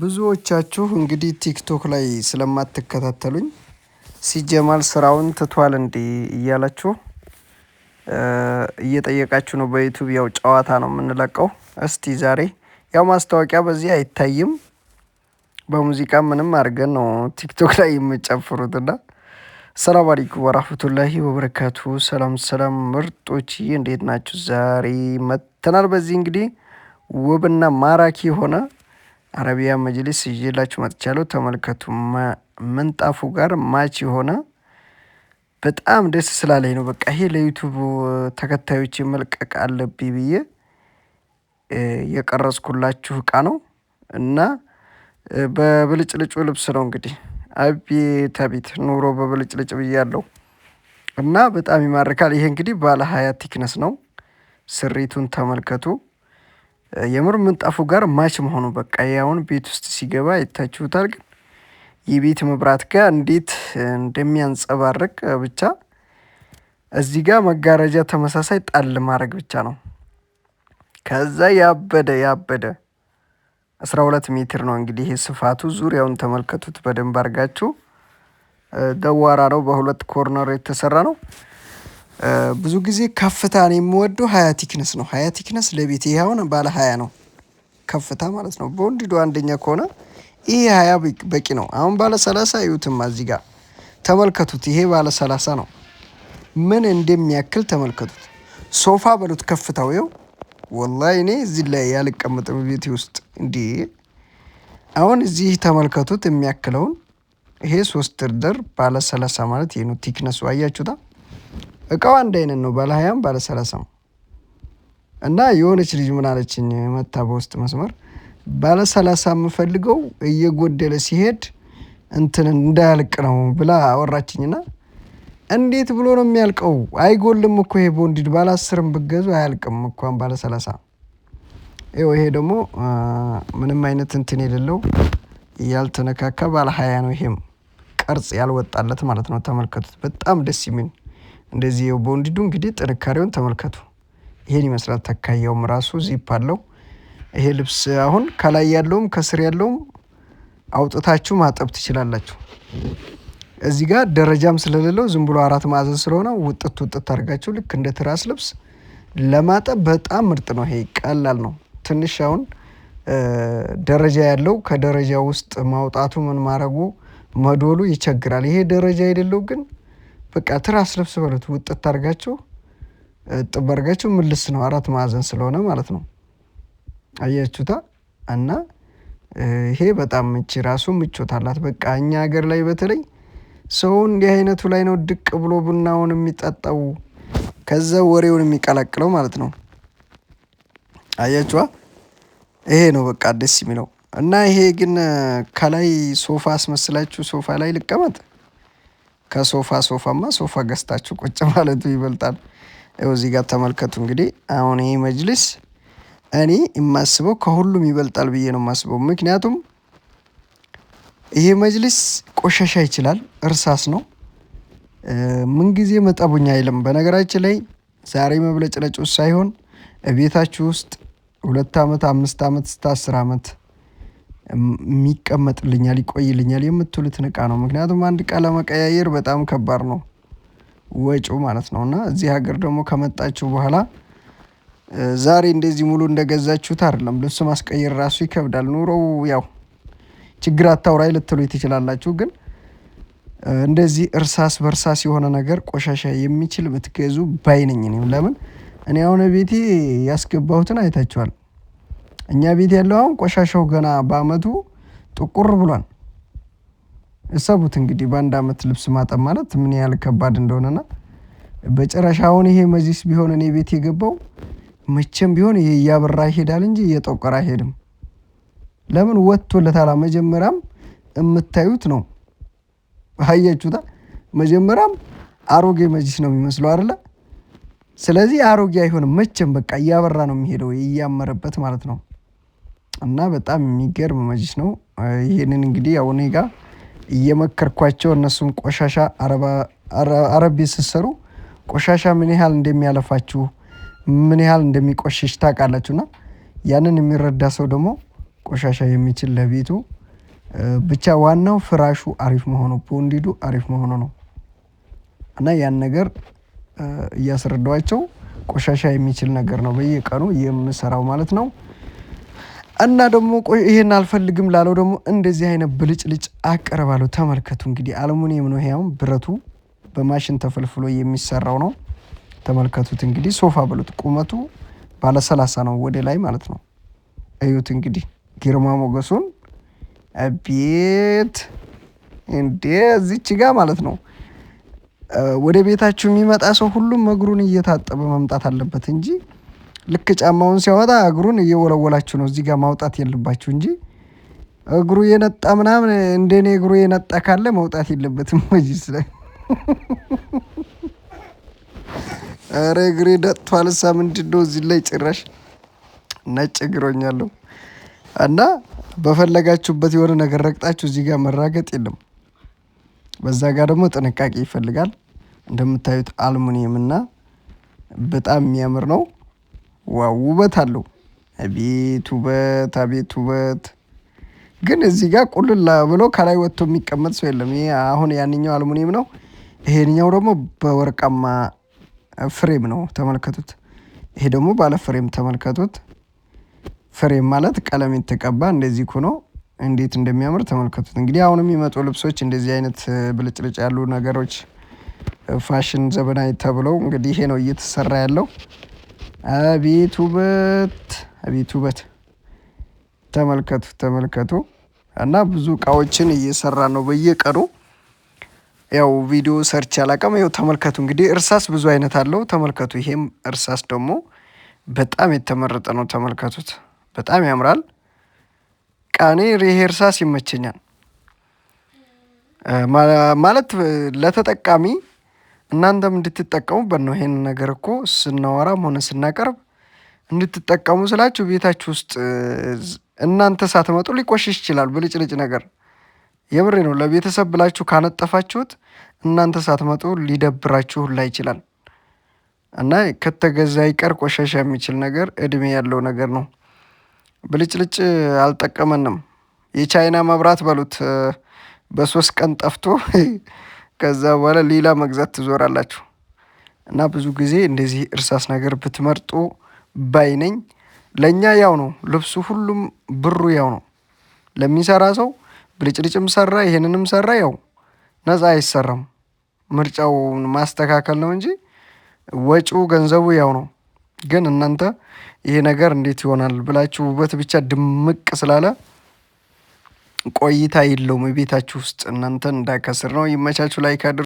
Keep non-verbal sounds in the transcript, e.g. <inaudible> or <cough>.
ብዙዎቻችሁ እንግዲህ ቲክቶክ ላይ ስለማትከታተሉኝ ሲጀማል ስራውን ትቷል እንዴ እያላችሁ እየጠየቃችሁ ነው። በዩቱብ ያው ጨዋታ ነው የምንለቀው። እስቲ ዛሬ ያው ማስታወቂያ በዚህ አይታይም፣ በሙዚቃ ምንም አድርገን ነው ቲክቶክ ላይ የምጨፍሩትና ሰላም አለይኩም ወራህመቱላሂ ወበረካቱ። ሰላም ሰላም ምርጦች እንዴት ናችሁ? ዛሬ መተናል በዚህ እንግዲህ ውብና ማራኪ የሆነ አረቢያ መጅሊስ ይዤላችሁ መጥቻለሁ። ተመልከቱ። ምንጣፉ ጋር ማች የሆነ በጣም ደስ ስላለኝ ነው። በቃ ይሄ ለዩቱብ ተከታዮች መልቀቅ አለብኝ ብዬ የቀረጽኩላችሁ እቃ ነው እና በብልጭልጩ ልብስ ነው እንግዲህ። አቤት አቤት ኑሮ በብልጭልጭ ብያለሁ እና በጣም ይማርካል። ይሄ እንግዲህ ባለ ሀያ ቲክነስ ነው። ስሪቱን ተመልከቱ። የምር ምንጣፉ ጋር ማች መሆኑ በቃ ያውን ቤት ውስጥ ሲገባ ይታችሁታል ግን የቤት መብራት ጋር እንዴት እንደሚያንጸባርቅ ብቻ እዚህ ጋር መጋረጃ ተመሳሳይ ጣል ማድረግ ብቻ ነው። ከዛ ያበደ ያበደ አስራ ሁለት ሜትር ነው እንግዲህ ይሄ ስፋቱ። ዙሪያውን ተመልከቱት በደንብ አድርጋችሁ። ደዋራ ነው፣ በሁለት ኮርነር የተሰራ ነው። ብዙ ጊዜ ከፍታን የምወደው ሀያ ቲክነስ ነው። ሀያ ቲክነስ ለቤት ይሄ ይኸውን ባለ ሀያ ነው ከፍታ ማለት ነው። በወንድዶ አንደኛ ከሆነ ይሄ ሀያ በቂ ነው። አሁን ባለ ሰላሳ እዩትማ እዚህ ጋር ተመልከቱት። ይሄ ባለ ሰላሳ ነው። ምን እንደሚያክል ተመልከቱት። ሶፋ በሉት ከፍታው ይኸው። ወላሂ እኔ እዚህ ላይ ያልቀመጥም ቤቴ ውስጥ እንዲህ አሁን እዚህ ተመልከቱት የሚያክለውን። ይሄ ሶስት ርደር ባለ ሰላሳ ማለት ይሄ ነው። ቲክነሱ አያችሁታ እቃው አንድ አይነት ነው፣ ባለ ሀያም ባለ ሰላሳም እና የሆነች ልጅ ምን አለችኝ መታ በውስጥ መስመር ባለ ሰላሳ የምፈልገው እየጎደለ ሲሄድ እንትን እንዳያልቅ ነው ብላ አወራችኝና እንዴት ብሎ ነው የሚያልቀው? አይጎልም እኮ ይሄ ቦንዲድ ባለ አስርም ብገዙ አያልቅም እንኳን ባለ ሰላሳ ይኸው ይሄ ደግሞ ምንም አይነት እንትን የሌለው ያልተነካካ ባለ ሀያ ነው። ይሄም ቅርጽ ያልወጣለት ማለት ነው። ተመልከቱት፣ በጣም ደስ የሚል እንደዚህ ቦንዲዱ እንግዲህ ጥንካሬውን ተመልከቱ። ይሄን ይመስላል። ተካያውም ራሱ ዚፕ አለው። ይሄ ልብስ አሁን ከላይ ያለውም ከስር ያለውም አውጥታችሁ ማጠብ ትችላላችሁ። እዚህ ጋር ደረጃም ስለሌለው ዝም ብሎ አራት ማዕዘን ስለሆነ ውጥት ውጥት አድርጋችሁ ልክ እንደ ትራስ ልብስ ለማጠብ በጣም ምርጥ ነው። ይሄ ቀላል ነው። ትንሽ አሁን ደረጃ ያለው ከደረጃ ውስጥ ማውጣቱ ምን ማድረጉ መዶሉ ይቸግራል። ይሄ ደረጃ የሌለው ግን በቃ ትራስ ልብስ በሉት ውጥት አድርጋችሁ ጥብ አድርጋችሁ ምልስ ነው አራት ማዕዘን ስለሆነ ማለት ነው። አያችሁታ እና ይሄ በጣም ምቺ ራሱ ምቾት አላት። በቃ እኛ ሀገር ላይ በተለይ ሰው እንዲህ አይነቱ ላይ ነው ድቅ ብሎ ቡናውን የሚጠጣው ከዛ ወሬውን የሚቀላቅለው ማለት ነው። አያችኋ ይሄ ነው በቃ ደስ የሚለው እና ይሄ ግን ከላይ ሶፋ አስመስላችሁ ሶፋ ላይ ልቀመጥ ከሶፋ ሶፋማ ሶፋ ገዝታችሁ ቁጭ <laughs> ማለቱ ይበልጣል። ይኸው እዚህ ጋር ተመልከቱ። እንግዲህ አሁን ይሄ መጅልስ እኔ የማስበው ከሁሉም ይበልጣል ብዬ ነው የማስበው። ምክንያቱም ይሄ መጅልስ ቆሻሻ ይችላል፣ እርሳስ ነው፣ ምንጊዜ መጠቡኛ አይልም። በነገራችን ላይ ዛሬ መብለጭለጭ ሳይሆን ቤታችሁ ውስጥ ሁለት ዓመት አምስት ዓመት እስከ አስር ዓመት የሚቀመጥልኛል ይቆይልኛል የምትሉትን እቃ ነው። ምክንያቱም አንድ እቃ ለመቀያየር በጣም ከባድ ነው ወጪው ማለት ነው። እና እዚህ ሀገር ደግሞ ከመጣችሁ በኋላ ዛሬ እንደዚህ ሙሉ እንደገዛችሁት አይደለም። ልብስ ማስቀየር ራሱ ይከብዳል። ኑሮው ያው ችግር አታውራይ ልትሉ ትችላላችሁ። ግን እንደዚህ እርሳስ በእርሳስ የሆነ ነገር ቆሻሻ የሚችል ብትገዙ ባይነኝ። ለምን እኔ አሁን ቤቴ ያስገባሁትን አይታችኋል። እኛ ቤት ያለው አሁን ቆሻሻው ገና በአመቱ ጥቁር ብሏል። እሰቡት እንግዲህ በአንድ አመት ልብስ ማጠብ ማለት ምን ያህል ከባድ እንደሆነና በጨረሻ አሁን ይሄ መዚስ ቢሆን እኔ ቤት የገባው መቼም ቢሆን ይሄ እያበራ ይሄዳል እንጂ እየጠቆረ አይሄድም። ለምን ወጥቶለታላ። መጀመሪያም የምታዩት ነው አያችሁታ። መጀመሪያም አሮጌ መዚስ ነው የሚመስለው አይደለ? ስለዚህ አሮጌ አይሆንም መቼም። በቃ እያበራ ነው የሚሄደው እያመረበት ማለት ነው። እና በጣም የሚገርም መጅሊስ ነው። ይህንን እንግዲህ ያው እኔ እየመከርኳቸው እነሱም ቆሻሻ አረብ ቤት ስትሰሩ ቆሻሻ ምን ያህል እንደሚያለፋችሁ ምን ያህል እንደሚቆሽሽ እና ያንን የሚረዳ ሰው ደግሞ ቆሻሻ የሚችል ለቤቱ ብቻ ዋናው ፍራሹ አሪፍ መሆኑ ፖንዲዱ አሪፍ መሆኑ ነው እና ያን ነገር እያስረዳዋቸው ቆሻሻ የሚችል ነገር ነው በየቀኑ የምሰራው ማለት ነው። እና ደግሞ ቆይ ይሄን አልፈልግም ላለው ደግሞ እንደዚህ አይነት ብልጭልጭ አቀረባለሁ። ተመልከቱ እንግዲህ አልሙኒየም ነው። ይሄውም ብረቱ በማሽን ተፈልፍሎ የሚሰራው ነው። ተመልከቱት እንግዲህ ሶፋ በሉት። ቁመቱ ባለ ሰላሳ ነው ወደ ላይ ማለት ነው። እዩት እንግዲህ ግርማ ሞገሱን ቤት እንዴ እዚች ጋ ማለት ነው። ወደ ቤታችሁ የሚመጣ ሰው ሁሉም እግሩን እየታጠበ መምጣት አለበት እንጂ ልክ ጫማውን ሲያወጣ እግሩን እየወለወላችሁ ነው። እዚህ ጋር ማውጣት የለባችሁ እንጂ እግሩ የነጣ ምናምን እንደኔ እግሩ የነጣ ካለ መውጣት የለበትም። መጅስ ስለ ኧረ እግሬ ነጥቷል። ምንድን ነው እዚህ ላይ ጭራሽ ነጭ እግሮኛለሁ። እና በፈለጋችሁበት የሆነ ነገር ረግጣችሁ እዚህ ጋር መራገጥ የለም። በዛ ጋር ደግሞ ጥንቃቄ ይፈልጋል። እንደምታዩት አልሙኒየም እና በጣም የሚያምር ነው። ዋው ውበት አለው። አቤት ውበት፣ አቤት ውበት። ግን እዚህ ጋር ቁልል ብሎ ከላይ ወጥቶ የሚቀመጥ ሰው የለም። ይሄ አሁን ያንኛው አልሙኒየም ነው። ይሄንኛው ደግሞ በወርቃማ ፍሬም ነው። ተመልከቱት። ይሄ ደግሞ ባለ ፍሬም ተመልከቱት። ፍሬም ማለት ቀለም የተቀባ እንደዚህ ሆኖ እንዴት እንደሚያምር ተመልከቱት። እንግዲህ አሁን የሚመጡ ልብሶች እንደዚህ አይነት ብልጭልጭ ያሉ ነገሮች ፋሽን ዘመናዊ ተብለው እንግዲህ ይሄ ነው እየተሰራ ያለው። አቤት ውበት አቤት ውበት ተመልከቱ ተመልከቱ። እና ብዙ እቃዎችን እየሰራ ነው በየቀኑ ያው ቪዲዮ ሰርች አላቀም። ያው ተመልከቱ እንግዲህ እርሳስ ብዙ አይነት አለው ተመልከቱ። ይሄም እርሳስ ደግሞ በጣም የተመረጠ ነው ተመልከቱት። በጣም ያምራል። ቃኔ ይሄ እርሳስ ይመቸኛል ማለት ለተጠቃሚ እናንተም እንድትጠቀሙበት ነው። ይሄን ነገር እኮ ስናወራም ሆነ ስናቀርብ እንድትጠቀሙ ስላችሁ ቤታችሁ ውስጥ እናንተ ሳትመጡ ሊቆሽሽ ይችላል። ብልጭልጭ ነገር የምሬ ነው። ለቤተሰብ ብላችሁ ካነጠፋችሁት እናንተ ሳትመጡ ሊደብራችሁ ሁላ ይችላል። እና ከተገዛ ይቀር ቆሻሻ የሚችል ነገር እድሜ ያለው ነገር ነው። ብልጭልጭ አልጠቀመንም። የቻይና መብራት በሉት በሶስት ቀን ጠፍቶ ከዛ በኋላ ሌላ መግዛት ትዞራላችሁ እና ብዙ ጊዜ እንደዚህ እርሳስ ነገር ብትመርጡ ባይ ነኝ። ለእኛ ያው ነው ልብሱ፣ ሁሉም ብሩ ያው ነው ለሚሰራ ሰው ብልጭልጭም ሰራ ይሄንንም ሰራ ያው ነፃ አይሰራም። ምርጫውን ማስተካከል ነው እንጂ ወጪው ገንዘቡ ያው ነው። ግን እናንተ ይሄ ነገር እንዴት ይሆናል ብላችሁ ውበት ብቻ ድምቅ ስላለ ቆይታ የለውም ቤታችሁ ውስጥ እናንተን እንዳከስር ነው። ይመቻችሁ ላይ